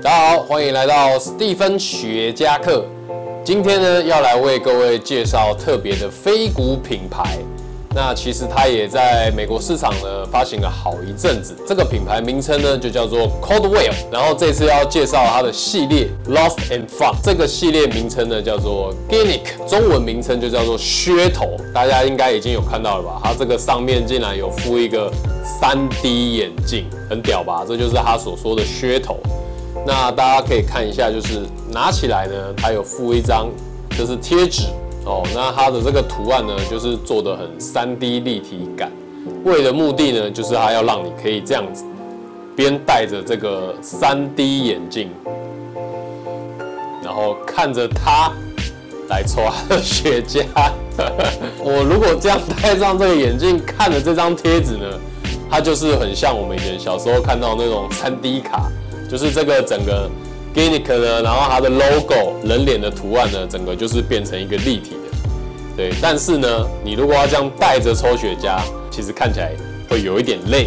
大家好，歡迎來到 Steven 雪茄客。今天呢，要來為各位介紹特別的非古品牌。那其實它也在美國市場呢發行了好一陣子。這個品牌名稱呢，就叫做 Caldwell。然後這次要介紹它的系列 Lost and Found。這個系列名稱呢，叫做 Gimmick，中文名稱就叫做噱頭。大家應該已經有看到了吧？它這個上面竟然有附一個 3D 眼鏡，很屌吧？這就是他所說的噱頭。那大家可以看一下，就是拿起來呢，它有附一張就是貼紙哦。那它的這個圖案呢，就是做的很 3D 立體感，為的目的呢，就是它要讓你可以這樣子邊戴着這個 3D 眼鏡，然後看着它來抽他的雪茄。 我如果這樣戴上這個眼鏡看着這張貼紙呢，它就是很像我們以前小時候看到那種 3D 卡。就是這個整個 Gimmick 呢，然後它的 logo 人臉的圖案呢，整個就是變成一個立體的，對。但是呢，你如果要這樣帶着抽雪茄，其實看起來會有一點累，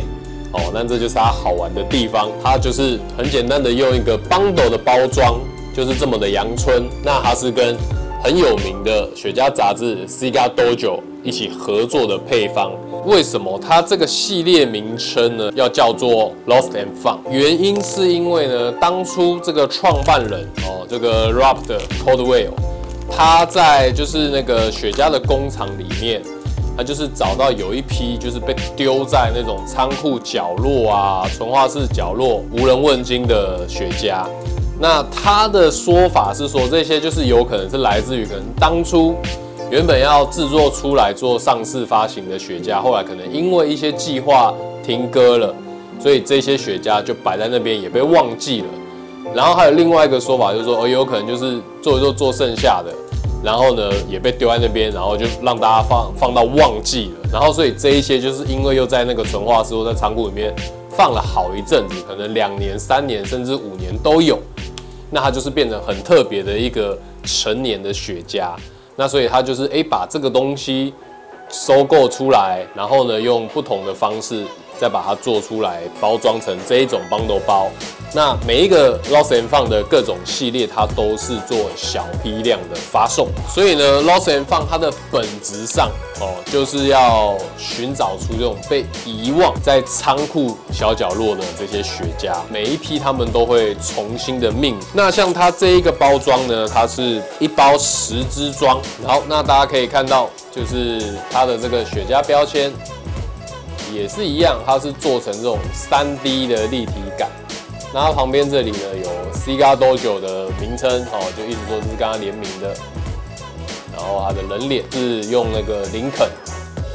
哦。那這就是它好玩的地方，它就是很簡單的用一個 bundle 的包裝，就是這麼的陽春。那它是跟很有名的雪茄雜誌 Cigar Dojo 一起合作的配方。為什麼它這個系列名稱呢要叫做 Lost and Found？原因是因為呢，當初這個創辦人哦，這個 Robert c o l d w e l l 他在就是那個雪茄的工廠裡面，他就是找到有一批就是被丟在那種倉庫角落啊、存化室角落無人問津的雪茄。那他的說法是說，這些就是有可能是來自於可能當初。原本要製作出來做上市發行的雪茄，後來可能因為一些計劃停割了，所以這些雪茄就擺在那邊也被忘記了。然後還有另外一個說法就是說，哦、有可能就是做一做做剩下的，然後呢也被丟在那邊，然後就讓大家放放到忘記了。然後所以這一些就是因為又在那個醇化室或在倉庫裡面放了好一陣子，可能兩年、三年甚至五年都有，那它就是變成很特別的一個成年的雪茄。那所以他就是哎、欸，把這個東西收購出來，然後呢，用不同的方式再把它做出來，包裝成這一種 bundle 包。那每一個 Lost and Found 的各種系列，它都是做小批量的發送，所以呢，Lost and Found 它的本質上哦，就是要尋找出這種被遺忘在倉庫小角落的這些雪茄，每一批他們都會重新的命。那像它這一個包裝呢，它是一包十支裝，然後那大家可以看到，就是它的這個雪茄標籤，也是一樣，它是做成這種三 D 的立體感。那它旁邊這裡呢，有 Cigar Dojo 的名稱，哦，就意思說是跟它聯名的。然後它的人臉是用那個林肯，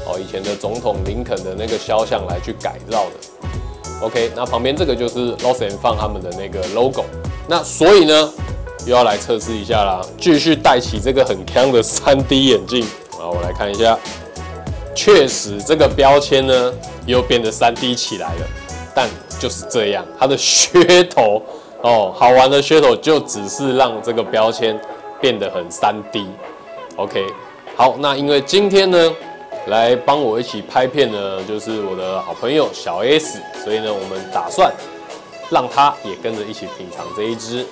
哦，以前的總統林肯的那個肖像來去改造的。OK，那旁邊這個就是 Lost & Found 他們的那個 logo。那所以呢，又要來測試一下啦，繼續戴起這個很鏘的 3D 眼鏡，啊，我來看一下，確實這個標籤呢又變得 3D 起來了，但。就是這樣，它的噱頭哦，好玩的噱頭就只是讓這個標籤變得很 3D OK。OK，好，那因為今天呢，來幫我一起拍片呢，就是我的好朋友小 S，所以呢，我們打算讓他也跟着一起品嚐這一支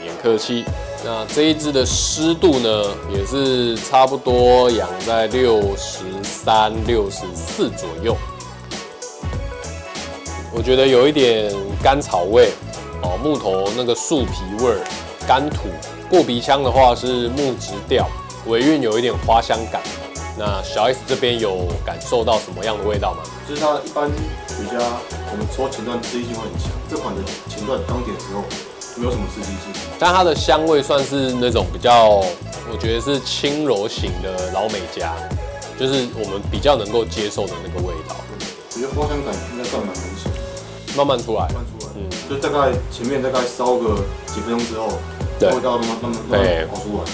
免客氣，那這一支的濕度呢，也是差不多養在六十三、六十四左右。我覺得有一點甘草味哦，木頭那個樹皮味兒，乾土過鼻腔的話是木質調，尾韻有一點花香感。那小 S 這邊有感受到什麼樣的味道嗎？就是它一般比較，我們說前段刺激性會很強，這款的前段剛點的時候沒有什麼刺激性，但它的香味算是那種比較，我覺得是輕柔型的老美茄，就是我們比較能夠接受的那個味道。我覺得花香感慢慢出來，慢慢出來，嗯，就大概前面大概燒個幾分鐘之後，味道都慢慢慢慢跑出來。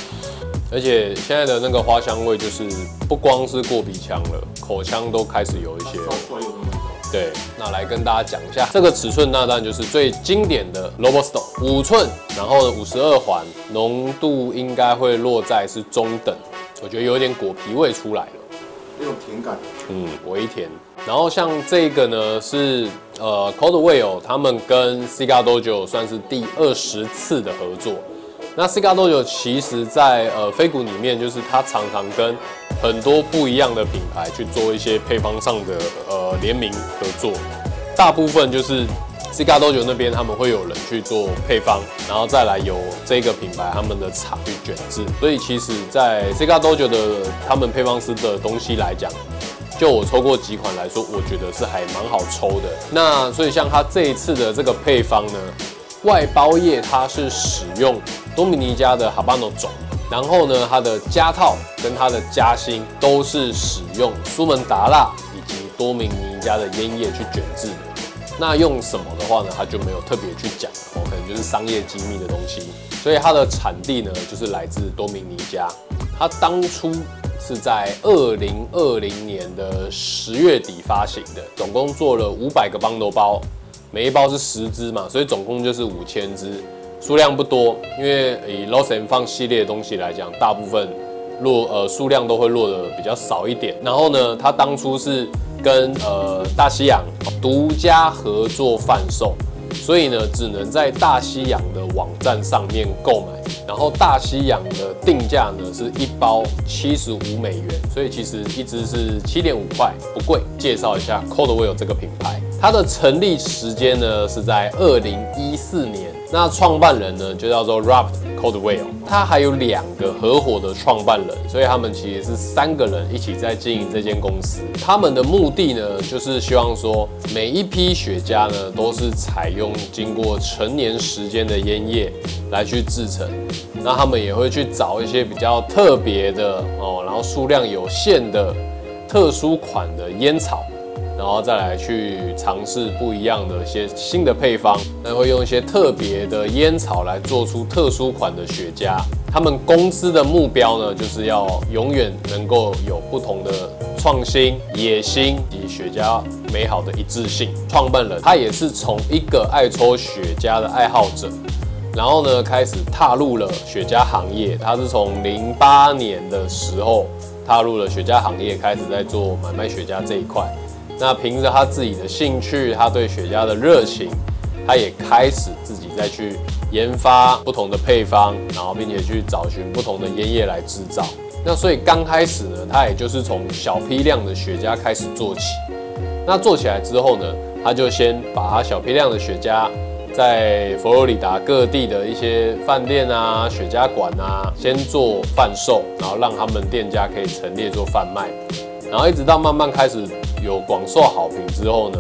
而且現在的那個花香味就是不光是過鼻腔了，口腔都開始有一些出來那麼。對，那來跟大家講一下這個尺寸，那段就是最經典的 Robusto，五寸，然後五十二環，濃度應該會落在是中等，我覺得有點果皮味出來了，那種甜感。嗯，微甜。然後像這個呢，是呃 Caldwell 他們跟 Cigar Dojo 算是第二十次的合作。那 Cigar Dojo 其實在呃飛谷裡面，就是他常常跟很多不一樣的品牌去做一些配方上的呃聯名合作。大部分就是 Cigar Dojo 那邊他們會有人去做配方，然後再來由這個品牌他們的廠去捲制。所以其實，在 Cigar Dojo 的他們配方師的東西來講，就我抽過幾款來說，我覺得是還蠻好抽的。那所以像它這一次的這個配方呢，外包葉它是使用多米尼加的哈巴諾種，然後呢它的夾套跟它的夾心都是使用蘇門答臘以及多米尼加的菸葉去捲製的。那用什麼的話呢，它就沒有特別去講哦，可能就是商業機密的東西。所以它的產地呢就是來自多米尼加，它當初。是在二零二零年的十月底發行的，總共做了五百個 Bundle 包，每一包是十只嘛，所以總共就是五千只，數量不多，因為以 Lost and Found 系列的東西來講，大部分落呃數量都會落得比較少一點。然後呢，他當初是跟呃大西洋獨家合作販售。所以呢，只能在大西洋的網站上面購買。然後大西洋的定價呢是一包七十五美元，所以其實一支是七點五塊，不貴。介紹一下，Caldwell 這個品牌，它的成立時間呢是在二零一四年。那創辦人呢，就叫做 Robert Caldwell，他還有兩個合夥的創辦人，所以他們其實也是三個人一起在經營這間公司。他們的目的呢，就是希望說每一批雪茄呢，都是採用經過陳年時間的菸葉來去製成。那他們也會去找一些比較特別的哦，然後數量有限的特殊款的菸草。然後再來去嘗試不一樣的一些新的配方，那會用一些特別的煙草來做出特殊款的雪茄。他們公司的目標呢，就是要永遠能夠有不同的創新、野心及雪茄美好的一致性。創辦人他也是從一個愛抽雪茄的愛好者，然後呢，開始踏入了雪茄行業。他是從零八年的時候踏入了雪茄行業，開始在做買賣雪茄這一塊。那憑着他自己的興趣，他對雪茄的熱情，他也開始自己再去研發不同的配方，然後並且去找尋不同的菸葉來制造。那所以剛開始呢，他也就是從小批量的雪茄開始做起。那做起來之後呢，他就先把他小批量的雪茄在佛羅里達各地的一些飯店啊、雪茄館啊，先做販售，然後讓他們店家可以陳列做販賣，然後一直到慢慢開始。有廣受好評之後呢，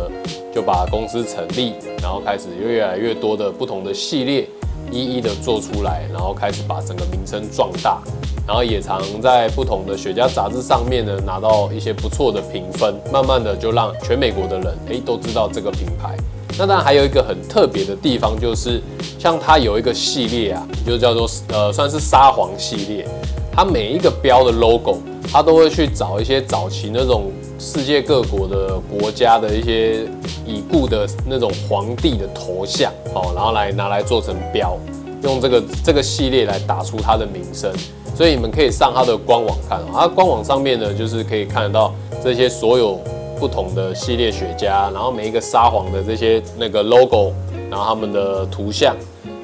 就把公司成立，然後開始越來越多的不同的系列一一的做出來，然後開始把整個名稱壯大，然後也常在不同的雪茄雜誌上面呢拿到一些不錯的評分，慢慢的就讓全美國的人哎、欸、都知道這個品牌。那當然還有一個很特別的地方就是，像它有一個系列啊，就叫做呃算是沙皇系列，它每一個標的 logo，它都會去找一些早期那種。世界各國的國家的一些已故的那種皇帝的頭像，哦，然後來拿來做成標，用這個這個系列來打出它的名聲。所以你們可以上它的官網看，它官網上面呢，就是可以看得到這些所有不同的系列雪茄，然後每一個沙皇的這些那個 logo，然後他們的圖像，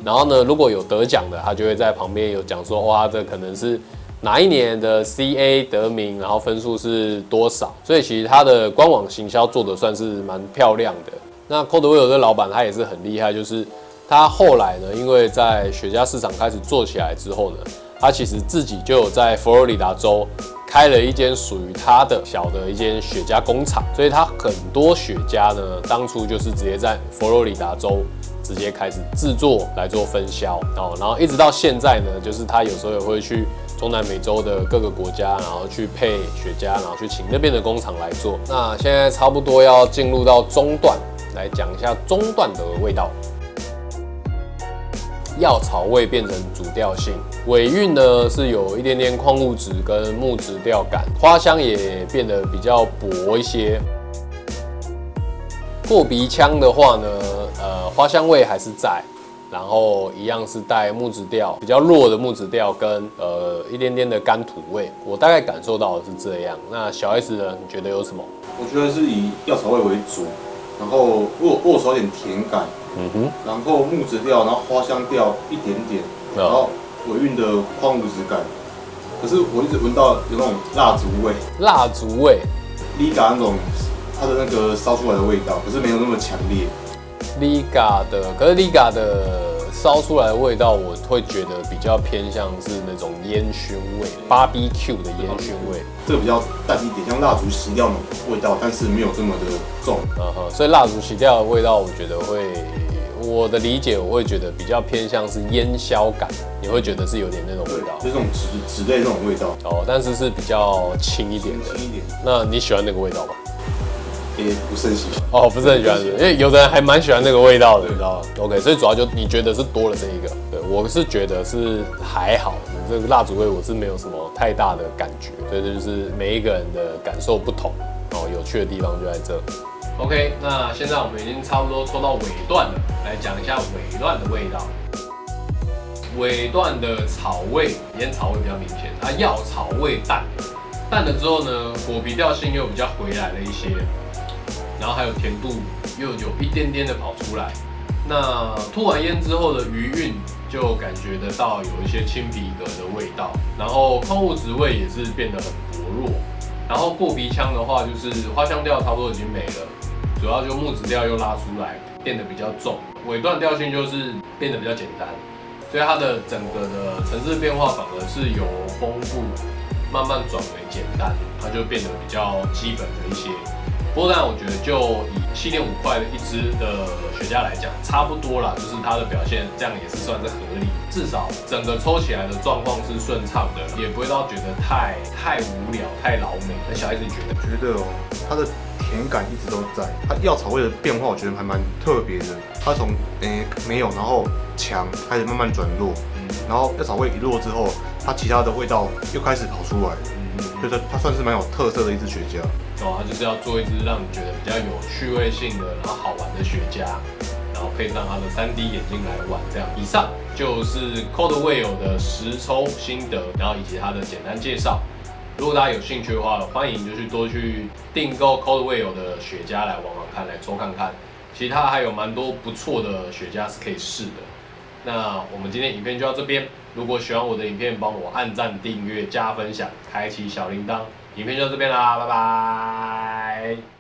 然後呢，如果有得獎的，他就會在旁邊有講說，哇，這可能是。哪一年的 CA 得名，然後分數是多少？所以其實它的官網行銷做得算是蠻漂亮的。那 Caldwell 的老闆他也是很厲害，就是他後來呢，因為在雪茄市場開始做起來之後呢，他其實自己就有在佛羅里達州開了一間屬於他的小的一間雪茄工廠，所以他很多雪茄呢，當初就是直接在佛羅里達州直接開始製作來做分銷哦，然後一直到現在呢，就是他有時候也會去。中南美洲的各個國家，然後去配雪茄，然後去請那邊的工廠來做。那現在差不多要進入到中段，來講一下中段的味道。藥草味變成主調性，尾韻呢是有一點點礦物質跟木質調感，花香也變得比較薄一些。過鼻腔的話呢，呃，花香味還是在。然後一樣是帶木質調，比較弱的木質調跟呃一點點的乾土味，我大概感受到的是這樣。那小 S 呢？你覺得有什麼？我覺得是以藥草味為主，然後弱弱少一點甜感，嗯哼，然後木質調，然後花香調一點點，然後尾韻的礦物質感。可是我一直聞到有那種蠟燭味，蠟燭味，Liga 那種它的那個燒出來的味道，可是沒有那麼強烈。Liga 的，可是 Liga 的燒出來的味道，我會覺得比較偏向是那種煙燻味，BBQ 的煙熏味。這個比較淡一點，像蠟燭熄掉那種味道，但是沒有這麼的重。啊哈，所以蠟燭熄掉的味道，我覺得會，我的理解我會覺得比較偏向是煙硝感，你會覺得是有點那種味道，就這種紙紙類這種味道。哦、oh，但是是比較輕一點的。輕,輕一點。那你喜歡那個味道嗎？也不是很喜歡哦，不是很喜歡，因為有的人還蠻喜歡那個味道的，對你知道嗎？OK，所以主要就你覺得是多了這一個，對我是覺得是還好，這個蠟燭味我是沒有什麼太大的感覺，所以這就是每一個人的感受不同哦，有趣的地方就在這。OK，那現在我們已經差不多抽到尾段了，來講一下尾段的味道。尾段的草味，菸草味比較明顯，它藥草味淡，淡了之後呢，果皮調性又比較回來了一些了。然後還有甜度又有一點點的跑出來，那吐完煙之後的餘韻就感覺得到有一些青皮革的味道，然後礦物質味也是變得很薄弱，然後過鼻腔的話就是花香調差不多已經沒了，主要就木質調又拉出來，變得比較重，尾段調性就是變得比較簡單，所以它的整個的層次變化反而是由豐富慢慢轉為簡單，它就變得比較基本的一些。不過但我覺得就以七點五塊的一支的雪茄來講，差不多啦。就是它的表現這樣也是算是合理，至少整個抽起來的狀況是順暢的，也不會到覺得太太無聊、太老美。那小孩子覺得我覺得哦，它的甜感一直都在，它藥草味的變化我覺得還蠻特別的，它從誒、欸、沒有，然後強開始慢慢轉弱、嗯，然後藥草味一弱之後，它其他的味道又開始跑出來，覺、嗯、得它算是蠻有特色的一支雪茄。哦，它就是要做一支讓你覺得比較有趣味性的，然後好玩的雪茄，然後配上它的 3D 眼鏡來玩這樣。以上就是 Caldwell 的實抽心得，然後以及它的簡單介紹。如果大家有興趣的話，歡迎就去多去訂購 Caldwell 的雪茄來玩玩看，來抽看看。其他還有蠻多不錯的雪茄是可以試的。那我們今天影片就到這邊。如果喜歡我的影片，幫我按讚、訂閱、加分享、開啟小鈴鐺。影片就到這邊啦，拜拜。